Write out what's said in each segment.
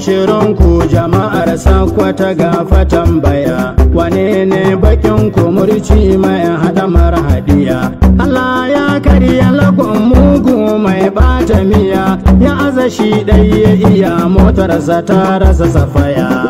shirin ku jama'ar sakwata ga gafa tambaya, wane ne bakin ku murci mai haɗa marhaɗiya Allah ya karya lagun mugu mai bata miya ya aza shi ɗaya iya motarsa ta rasa safaya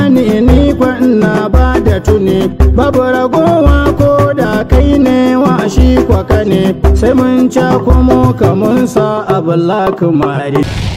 babu gowa ko da kai ne wa shi kwaka ne sai mun ca kuma kamun sa abu lakumari